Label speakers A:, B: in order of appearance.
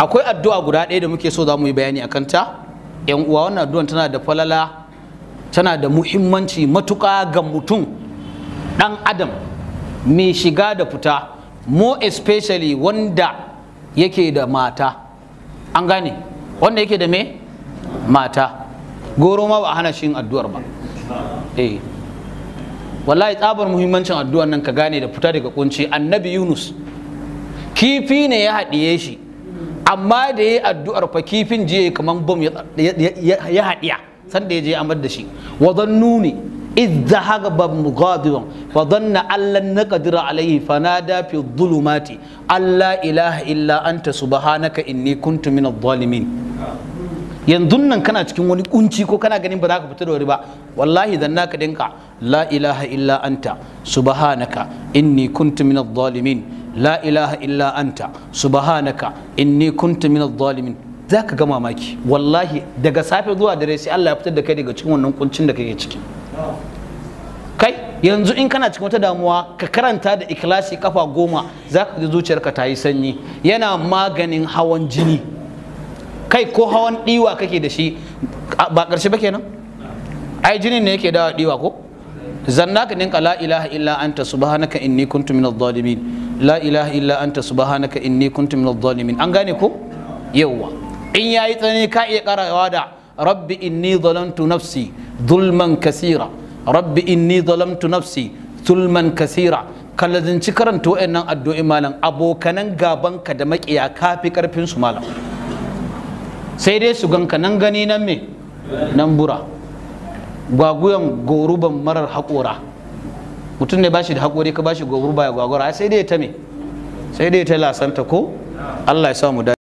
A: akwai addu'a guda ɗaya da muke so za mu yi bayani a kanta. yan uwa wannan addu'a tana da falala tana da muhimmanci matuƙa ga mutum ɗan adam mai shiga da fita more especially wanda yake da mata an gane wanda yake da me mata goro ma ba a hana shi addu'ar ba eh wallahi tsabar muhimmancin addu'an nan ka gane da fita daga kunci annabi yunus kifi ne ya haɗiye shi amma da ya yi addu'ar fa kifin jiya kamar bom ya haɗiya sanda ya je amar da shi wa zannu ne إذ ذهب مغاضبا فظن أن لن نقدر عليه فنادى في الظلمات أن لا إله إلا أنت سبحانك إني كنت من الظالمين yanzu nan kana cikin wani kunci ko kana ganin ba za ka fita da wuri ba wallahi dan ka dinka la ilaha illa anta subhanaka inni kuntu minadh dhalimin la ilaha illa anta subhanaka inni kuntu minadh zalimin zaka ga mamaki wallahi daga safe zuwa dare sai Allah ya fitar da kai daga cikin wannan kuncin da kake ciki kai yanzu in kana cikin wata damuwa ka karanta da ikilasi kafa goma za ka ji zuciyarka ta yi sanyi yana maganin hawan jini kai ko hawan ɗiwa kake da shi ba ƙarshe ba kenan ai jinin ne yake dawa ɗiwa ko zannaka ninka la ilaha illa anta subhanaka inni kuntu minadh zalimin la ilaha illa anta subhanaka inni kuntu minadh zalimin an gane ku? yawwa in yayi tsani ka iya karawa da rabbi inni zalamtu nafsi zulman kasira rabbi inni zalamtu nafsi zulman kasira kallazinci karanta wayannan addu'o'i malam abokanan gaban ka da makiya kafi karfin su malam sai dai su ganka nan gani nan me nan bura gwaguyan goruban marar haƙora mutum ne ba shi da haƙori ka ba shi goruba ya gwagwara sai dai ta me sai dai ta lasanta ko allah ya sa mu